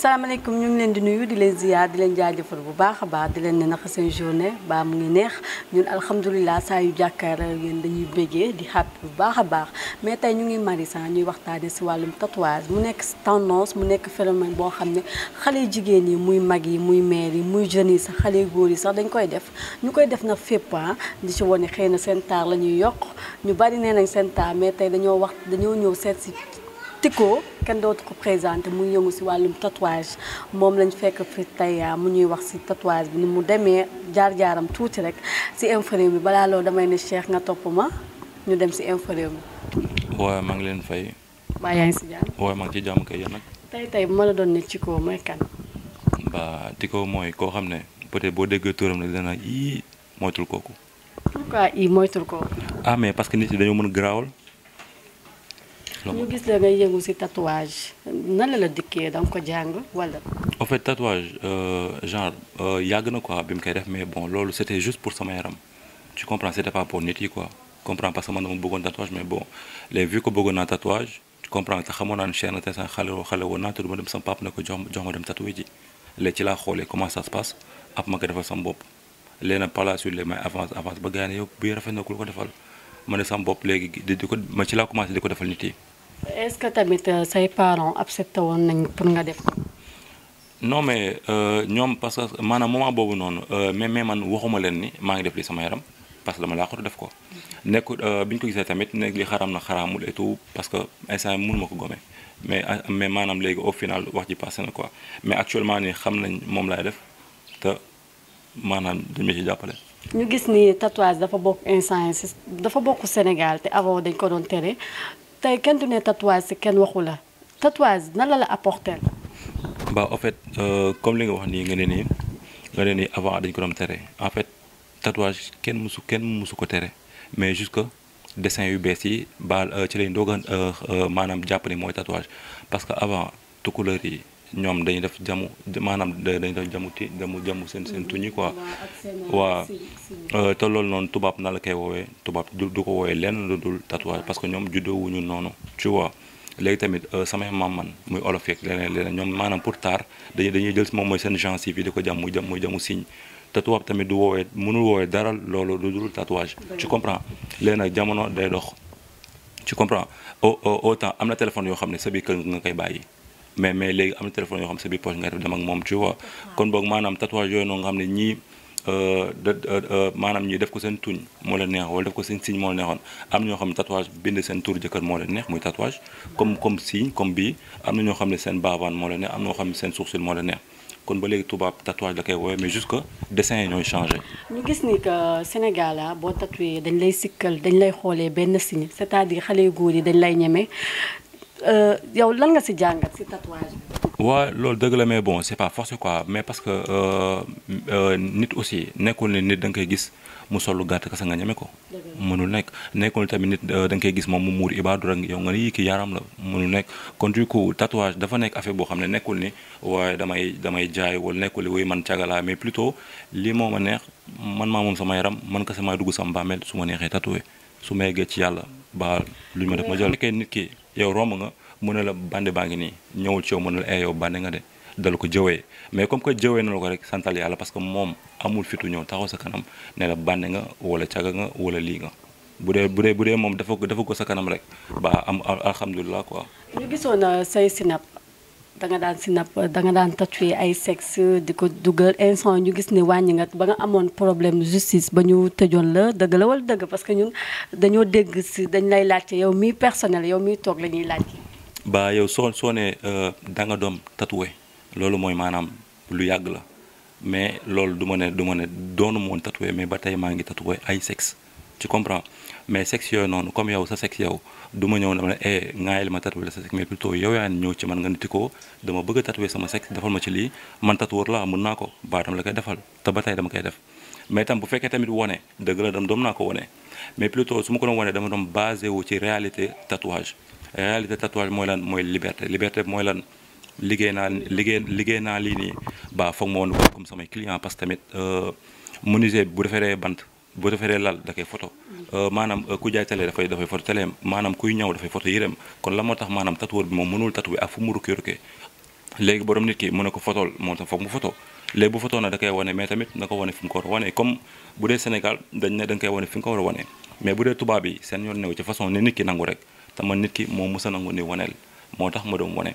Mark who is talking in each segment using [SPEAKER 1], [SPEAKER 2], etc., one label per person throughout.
[SPEAKER 1] salaamaaleykum ñu ngi leen di nuyu di leen ziyaar di leen jaajëfal bu baax a baax di leen ne naka seen journée ba mu ngi neex ñun alhamdulilah saa yu jàkkaarloo yéen dañuy bégee di xàpp bu baax a baax mais tey ñu ngi Marisa ñuy waxtaane si wàllum tatouage mu nekk tendance mu nekk phénomène boo xam ne xale jigéen yi muy mag yi muy mère yi muy jeunes yi sax xale góor yi sax dañ koy def ñu koy def nag fépp ah di ci wane xëy na seen taar la ñuy yokk ñu bari nee nañ seen mais tey dañoo wax dañoo ñëw seet si Tyco kenn dootu ko présenté mu yëngu si wàllum tatouage moom lañ fekk fi tey ah, mu ñuy wax si tatouage bi ni mu demee jaar-jaaram tuuti rek si info bi balaa loolu damay ne Cheikh nga topp ma ñu dem si info réew mi.
[SPEAKER 2] waaw maa ngi leen fay.
[SPEAKER 1] waa yaa ngi si jàmm.
[SPEAKER 2] waaw maa ngi ci jàmm kay yéen nag.
[SPEAKER 1] tey tey bu ma la doon ne Tyco mooy kan.
[SPEAKER 2] ba mooy koo xam ne peut-être boo déggee turam rek dana ii moytul kooku.
[SPEAKER 1] pourquoi ii moytul kooku.
[SPEAKER 2] ah mais parce que nit yi dañoo mën a garaawal. la
[SPEAKER 1] ci tatouage nan la la wala.
[SPEAKER 2] en fait tatouage euh, genre euh, yagne na quoi bi mu def mais bon lol, c'était juste pour sama tu comprends c'était pas pour Niti quoi comprends parce que man dama tatouage mais bon les vieux que bëggoon naa tatouage tu comprends t'as xamoon un chien, t'as na te sax xale xale woon naa te duma dem sama papa ne ko jox jox ma dem ci comment ça se passe Ap ma ko defal sama bopp léegi nag par sur les la avance avance ba gars yi ne yow bii rafet na ku ko defal ma ne sama bopp léegi di ma ci laa commencé di defal
[SPEAKER 1] est-ce que tamit euh, ses parents accepté pour nga def
[SPEAKER 2] non mais euh, ñoom parce que maanaam moment boobu noonu euh, mais mais man waxuma leen ni maa ngi def li sama yaram parce que dama laaxatu def ko. nekkul euh, bi ñu ko gisee tamit nekk li xaram na xaraamul et tout parce que instant yii mënuma ko gome mais mais manam légui au final wax ci passé na quoi mais actuellement ni xam nañ mom lay def te manam dañ ma ci jappalé
[SPEAKER 1] ñu gis ni tatouage dafa bokk instant dafa bok Sénégal té avant dañ ko don téré tay kenn du tatouage ken kenn la tatouage nan la la apporter.
[SPEAKER 2] ba en fait euh comme li nga wax ni nga ne nga ne avant dañ ko dom téré en fait tatouage ken musu ken musu ko téré mais jusque dessin yu bees yi baal euh, ci lañ doog euh, euh manam japp ne moy tatouage parce que avant couleur yi ñom dañuy def jamu manam dañu def jamu ti jamu jamu sen sen tuñi quoi du ko tatouage parce que ñom juddoo wuñu tu vois léegi tamit euh, sama mam man muy olof lene pour tard dañuy jël mooy seen gencive yi jamu jamu signe tatouage tamit du wowe mënul wowe dara lolou tatouage tu comprends lene jamono day dox tu comprends au au temps am téléphone yo xamné ne sa biir mais mais léegi am téléphone yoo xam sa biir poche nga def ak moom tu vois kon boog manam tatouage yooyu noonu nga xam ne ñii euh, da euh, euh, maanaam ñii def ko seen tuñ mo la neex wala def ko seen signe mo la neexoon am ñoo xam tatouage bind seen tur jëkkër mo la neex muy tatouage comme comme signe comme bi am na ñoo xam ne seen baabaan moo leen neex am ñoo xam ne seen sourcil mo la neex kon ba légui tubaab tatouage la kay woy mais jusque dessin ñoy changé.
[SPEAKER 1] ñu gis ni que Sénégal ah, bo tatoué dañ lay sikkel dañ lay xolé ben signe c'est-à-dire xalé yu yi dañ lay ñeme Euh, yow lan nga si jàngat si
[SPEAKER 2] loolu dëgg la mais bon c'est pas forcé quoi mais parce que euh, euh, nit aussi nekkul ne nit da nga koy gis mu sollu gàtt kasa nga ñeme ko. mënul nekk nekkul tamit nit da koy gis moom mu muur ibaadu rek yow nga ne yii ki yaram la mënul nekk kon du coup tatouage dafa nekk affaire boo xam ne nekkul ni waaye damay damay jaay wala nekkul ni wuy man cagalaa mais plutôt lii moo ma neex man maa moom sama yaram man ka maay dugg sama bàmmeel su ma neexee tatoué su ma yeggee ci yàlla ba luñ ma def ma jël. nit ki. yow romb nga mu ne la bande baa ngi nii ñëwul ci yow mu ne la ee yow bande nga de dal ko jëwee mais comme que jëwee na la ko rek santal yàlla parce que moom amul fitu ñëw taxaw sa kanam ne la bande nga wala caga nga wala lii nga bu dee bu dee dafa ko dafa ko sa kanam rek ba am alhamdulillah quoi
[SPEAKER 1] ñu gisoon euh, say sinap da nga daan sinap da nga daan tatoué ay sexe di ko dugal instant ñu gis ne wañ nga ba nga amoon problème justice ba ñu tëjoon la dëgg la wala dëgg parce que ñun dañoo dégg si dañ lay laajte yow mi personnel yow mi toog la ñuy laajte.
[SPEAKER 2] ba yow soo soo ne euh, da nga doom tatoué loolu mooy maanaam lu yàgg la mais loolu du ma ne du ma ne doonu moon tatoué mais ba tey maa ngi tatoué ay sexe tu comprends mais sexe yooyu noonu comme yow sa sexe yow. du ma ñëw na ma ne eh ngaayal ma tatoué la sa sexe mais plutôt yow ñëw ci man nga niti ko dama bëgg a tatoué sama sexe defal ma ci lii man tatoueur laa mën naa ko baatam la koy defal te ba tey dama koy def mais tam bu fekkee tamit wane dëgg la dam doom naa ko wane mais plutôt su ma ko doon wane dama doon basé wu ci réalité tatouage réalité tatouage mooy lan mooy liberté liberté mooy lan liggéey naa liggéey liggéey naa lii nii ba foog ma woon comme samay client parce que tamit euh, menuisier bu defaree bant bu defaree lal da koy photo euh, maanaam euh, ku jaay dafay dafay photo télé maanaam kuy ñëw dafay photo yërem kon la moo tax maanaam tatoueur bi moom mënul tatoué ak fu mu rukkee rukkee ki mu ne ko fotool moo tax mu photo léegi bu photo na koy wane mais tamit na ko wane fi mu ko war a wane comme bu dee Sénégal dañ ne da nga koy wane fi nga ko war a wane mais bu dee tubaab yi seen yoon new ci façon ni nit ki nangu rek te man nit ki moo mës a nangu ni waneel moo tax ma doon wane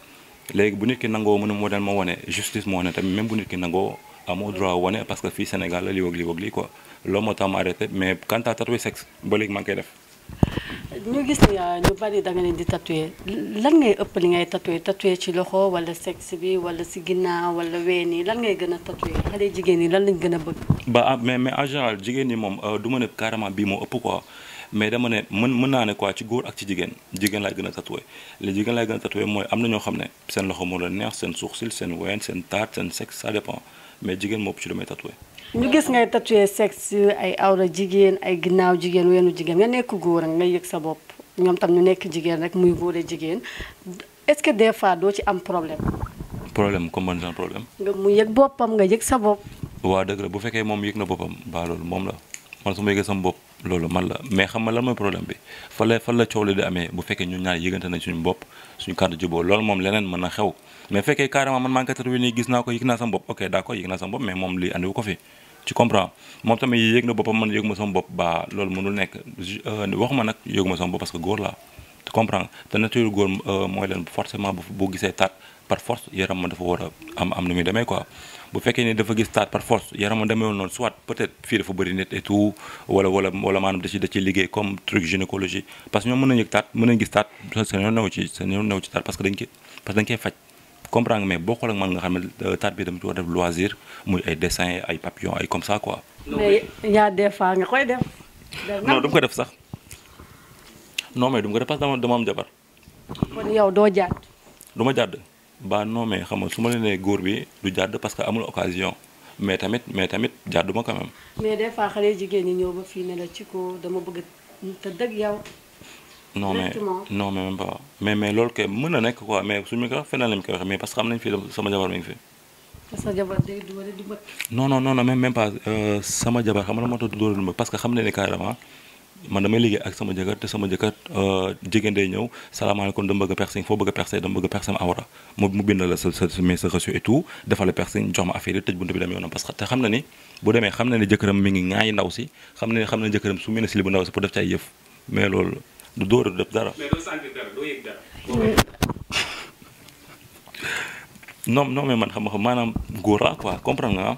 [SPEAKER 2] léegi bu nit ki nangoo mu ne ma wane justice moo ne tamit même bu nit ki nangoo amoo droit wane parce que fii Sénégal la li wëg li quoi loolu moo tax ma arrêté mais quant à tatouer sexe ba léegi maa def.
[SPEAKER 1] ñu gis ni ñu euh, bari da nga leen di tatouer lan ngay ëpp li ngay tatouer tatouer ci loxo wala sexe bi wala ci ginnaw wala wéni lan ngay gëna a tatouer xale jigéen ni lan lañ gëna a bëgg.
[SPEAKER 2] ba ah, mais mais en général jigéen ni mom euh, du ma ne carrément bi mo ëpp quoi. mais dama ne mën mën naa ne quoi ci góor ak ci jigéen jigéen laay gën a tatoué li jigéen laay gën a tatoué mooy am na ñoo xam ne seen loxo moo la neex seen sourcil seen ween seen taat seen sexe ça dépend mais jigéen moo ci lu may tatoué.
[SPEAKER 1] ñu gis ngay tatoué sexe ay awra jigéen ay ginnaaw jigéen weenu jigéen nga nekk góor ak nga yëg sa bopp ñoom tam ñu nekk jigéen rek muy góore jigéen est-ce que des fois doo ci am problème.
[SPEAKER 2] problème comme ban genre problème.
[SPEAKER 1] nga mu yëg boppam nga yëg sa bopp.
[SPEAKER 2] waa dëgg la bu fekkee moom yëg na boppam ba loolu moom la man su ma yëgee sam bopp loolu man la mais xam ma lan mooy problème bi fa la fa la coow li di amee bu fekkee ñun ñaar yëgante nañ suñu bopp suñu kàddu juboo loolu moom leneen mën na xew mais fekkee carrément man maa ngi ko nii gis naa ko yëg naa sama bopp ok d'accord yëg naa sama bopp mais moom lii andiwu ko fi ci comprends moom tamit yëg na boppam man yëgu ma euh, sama bopp parce que góor laa tu comprends te nature góor euh, mooy leen forcément bu gisee taat par force yaram ma dafa war a am am nu muy demee quoi bu fekkee ne dafa gis taat par force yaramam demeewul noonu soit peut-être fii dafa bëri nit et tout wala wala wala maanaam ci da ci liggéey comme truc gynécologie parce que ñoom mën nañu yëg taat mën nañu gis taat seen yoon new ci seen yoon new ci taat parce que dañ koy parce que dañ koy faj comprendre nga mais boo xoolee ak man nga xam ne euh, taat bi tamit def loisir muy ay dessin ay papillon ay comme ça quoi.
[SPEAKER 1] mais yaa des fois nga koy def. non du
[SPEAKER 2] ko def sax non mais du ma ko def parce que dama dama am jabar.
[SPEAKER 1] kon doo jàdd.
[SPEAKER 2] du ma jàdd. ba non mais xam nga su ma la nee góor bi du jàdd parce que amul occasion mais tamit mais tamit jàdduma ma même.
[SPEAKER 1] mais des fois xale jigéen ñi ñëw ba fii ne la ci ko dama bëgg te dëgg yow.
[SPEAKER 2] non mais mais pas loolu mën nekk quoi mais suñu mi ko feneen lañ koy waxee mais parce que xam nañ fii sama jabar mi ngi fi.
[SPEAKER 1] parce que jabar du
[SPEAKER 2] non même même euh, sama jabar xam nga la moo tax du parce que xam nañ ne carrément. man damay liggéey ak sama jëkkër te sama jëkkër euh, jigéen de ñëw salaamaaleykum dama bëgg a piercing foo bëgg a piercing dama bëgg a piercing awra mu mu bind la sa sa mais sa reçu et tout defal jox ma affaire yi ni bu demee xam na ndaw si xam na ni xam na jëkkëram su mu ne si li bu ndaw def ci yëf man xam nga maanaam góor laa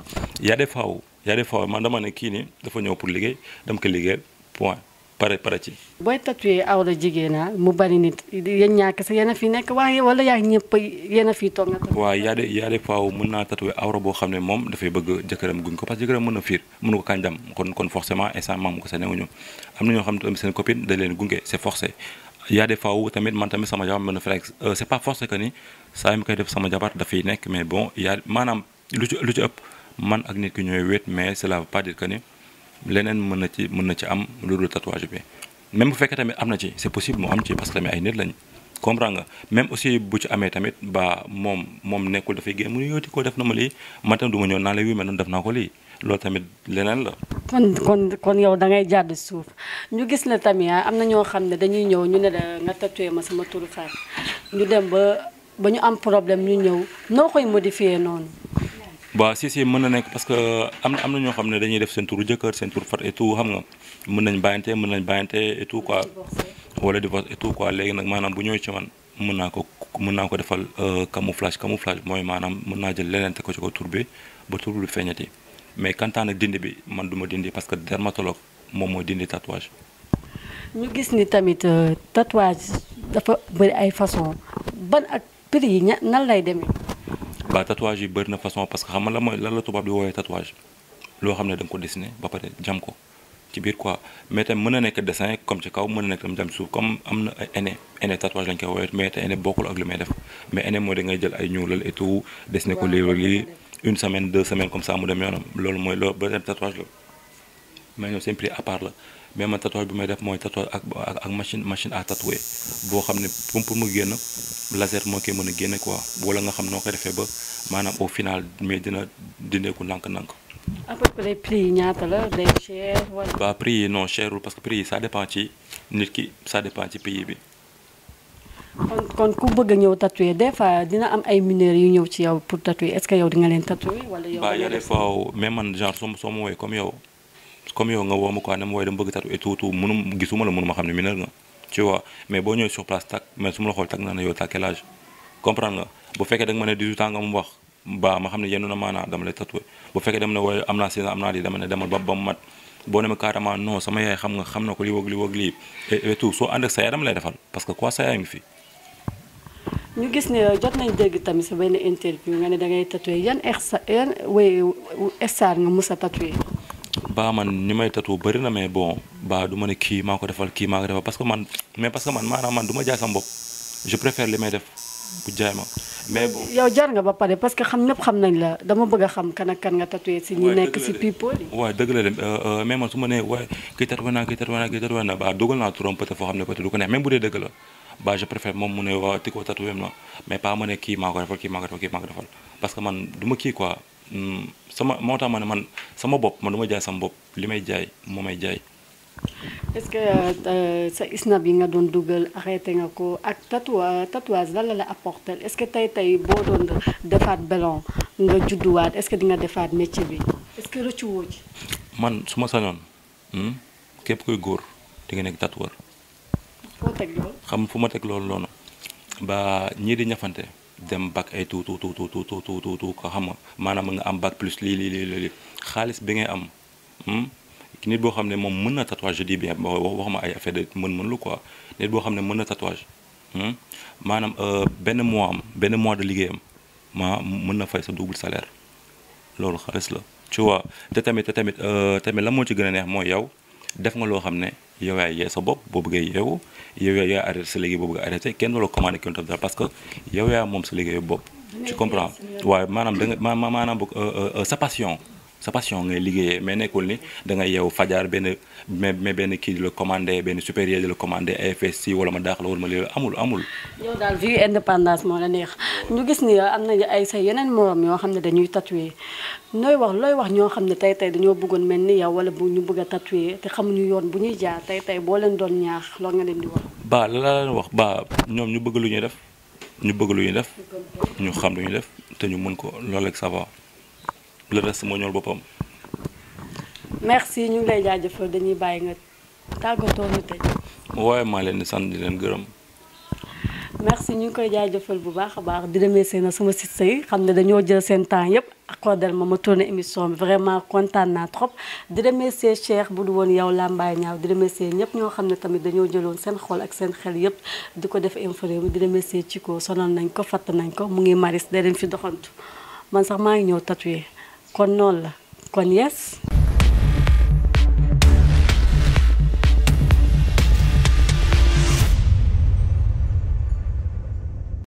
[SPEAKER 2] a des fois y a des fois man dama ne kii nii dafa ñëw pour liggéey dem ko liggéey point. pare pare ci.
[SPEAKER 1] booy tatoué awra jigéen ah mu bari nit yéen ñaa kese yéen fi nekk waaye wala yaa ñëpp yéen fi toog waa
[SPEAKER 2] waaw yaa de yaa de mën naa tatoué awra boo xam ne moom dafay bëgg jëkkëram guñ ko parce que jëkkëram mën na fiir mën ko kànjam kon kon forcément instant maam ko sa newuñu am na ñoo xam ne seen copine da leen gunge c'est forcé yaa de faaw tamit man tamit sama jabar mën na fi rek euh, c'est pas forcé que ni saa yu mu koy def sama jabar dafay nekk mais bon yaa maanaam lu lu ci man ak nit ki ñooy wéet mais cela leneen mën na ci mën na ci am lu dul tatouage bi même bu fekkee tamit am na ci c'est possible mu am ci parce que tamit ay nit bu ci amee tamit ba moom moom nekkul dafay génn mu ne ti ko def na ma lii man tamit du ma ñëw naa la wii mais noonu def naa ko lii loolu tamit leneen la.
[SPEAKER 1] kon kon kon yow da ngay jàdd suuf ñu gis ne tamit ah, am na ñoo xam ne dañuy ñëw ñu ne la nga tatoué ma sama turu faat ñu dem ba ba ñu am problème ñu ñëw noo koy modifié noonu.
[SPEAKER 2] waaw si si mën na nekk parce que euh, am na ñoo xam ne dañuy def seen turu jëkkër seen turu fat et tout xam nga mën nañ bàyyante mën nañ bàyyante et tout quoi wala divorce et tout quoi léegi nag maanaam bu ñëwee ci man mën naa ko mën naa ko defal euh, camouflage camouflage mooy maanaam mën naa jël leneen te ko ci ko tur bi ba tur bi feeñati mais kantaan nag dindi bi man duma dindi parce que dermatologue moom mooy dindi tatouage
[SPEAKER 1] ñu gis ni tamit euh, tatouage dafa bëri ay façon ban ak yi nan lay demee
[SPEAKER 2] ba tatouage yi bëri na façon parce que xam nga la moy lan la tubab di woyé tatouage lo xamné dang ko dessiner ba pare jam ko ci biir quoi mais tam mën na dessin comme ci kaw mëna nek tam jam ci comme amna na ay aîné aîné tatouage lañ koy woyé mais te bokul ak li may def mais aîné mooy da ngay jël ay ñuulal et tout dessiné ko léeg li une semaine deux semaines comme ça mu dem yoonam loolu mooy loolu ba tatouage la mais ñoo simple à part la mais man tatouage bi may def mooy tatouage ak ak ak machine machine à tatouer boo xam pour pour mu génn laser moo koy mën a génne quoi wala nga xam noo koy defee ba maanaam au final mais dina dindeeku nànk-nànk.
[SPEAKER 1] à peu près prix yi ñaata la day cher wala.
[SPEAKER 2] waaw prix non cherul parce que prix yi ça dépend ci nit ki ça dépend ci pays bi.
[SPEAKER 1] kon kon ku bëgg a ñëw tatouer des fois dina am ay mineurs yu ñëw ci yow pour tatouer est ce que yow di nga leen tatouer wala yow.
[SPEAKER 2] waaw yàlla des même man genre soo ma woowee comme yow. comme yow nga woo ma quoi ne ma dama bëgg tatu et tout tout gisuma la mënuma xam ne mineur nga nga mu wax ba ma xam ne yenn na maanaa dama lay tatoué bu fekkee dama ne wooy am naa 16 am naa lii dama ne demal ba ba mat boo ne ma carrément sama yaay xam nga xam na ko li wëg lii et soo ànd ak sa dama lay defal parce que quoi sa ngi fi
[SPEAKER 1] ñu gis ne jot nañ dégg tamit sa benn interview nga ne da ngay yan ex yan wéy star a
[SPEAKER 2] baa man ñi may tatu bëri mais bon baa du ma kii maa defal kii maa defal parce que man mais parce que man ba a kii tatoué defal kii maa defal parce que man du kii quoi Mm, sama moo tax ma ne man sama bopp man du ma jaay sama bopp li may jaay moo may jaay.
[SPEAKER 1] est-ce que euh, sa snap yi nga doon dugal arrêté nga ko ak tatouage tatouage lan la la apporté est-ce que tey tey boo doon defaat belon nga judduwaat est-ce que di nga defaat métier bi est-ce rëccu woo
[SPEAKER 2] man su ma sañoon hmm, képp kuy góor di nga nekk tatoueur. xam fu ma teg loolu noonu ba ñii di ñafante. dembak ay tu tu tu tu tu tu tu tu tu ko xam manam nga am bac plus li li li li khalis bi ngay am hmm nit bo xamne mom meuna tatouage di bien waxuma ay affaire de meun meun lu quoi nit bo xamne meuna tatouage hmm manam euh ben mois am ben mois de ligueyam ma meuna fay sa double salaire lolou khalis la tu vois tamit tamit euh tamit lam mo ci gëna neex moy yow def nga loo xam ne yow yaa yee sa bopp boo bëggee yeewu yow yaa arrêté sa liggéey boo bëgg arrêté kenn du la commandé kenn def dara parce que yow moom sa liggéey bopp. tu comprends waaye maanaam da nga maanaam euh, euh, euh, sa passion. sa passion ngay liggéeyee mais nekkul ni dangay ngay yow fajar benn mais benn kii di la commandé benn supérieur di la commandé AFSC wala ma daax la wala ma lii amul amul.
[SPEAKER 1] yow daal vie indépendance moo la neex ñu gis ni am nañu ay sa yeneen morom yoo xam ne dañuy tatoué nooy wax looy wax ñoo xam ne tey tey dañoo bëggoon mel ni yow wala bu ñu bëgg a tatoué te xamuñu yoon bu ñuy jaar tey tey boo leen doon ñaax loolu nga leen di wax.
[SPEAKER 2] ba la la leen wax ba ñoom ñu bëgg lu ñuy def ñu bëgg lu ñuy def ñu xam lu ñuy def te ñu mën ko loolu rek ça va le reste moo ñool boppam.
[SPEAKER 1] merci ñu ngi lay jaajëfal dañuy bàyyi nga tàggatoo ñu
[SPEAKER 2] moo waaye maa leen di di leen gërëm.
[SPEAKER 1] merci ñu koy koy jëfal bu baax a baax di demee remercier na suma sista yi xam ne dañoo jël seen temps yëpp accordel ma ma tourné émission bi vraiment kontaan naa trop di remercier Cheikh bu du woon yow làmbaay ñaaw di remercier ñëpp ñoo xam ne tamit dañoo jëloon seen xool ak seen xel yëpp di ko def inforé di remercier ci ko sonal nañ ko fatt nañ ko mu ngi maris da leen fi doxantu man sax maa ngi ñëw tatoué kon noonu la kon yes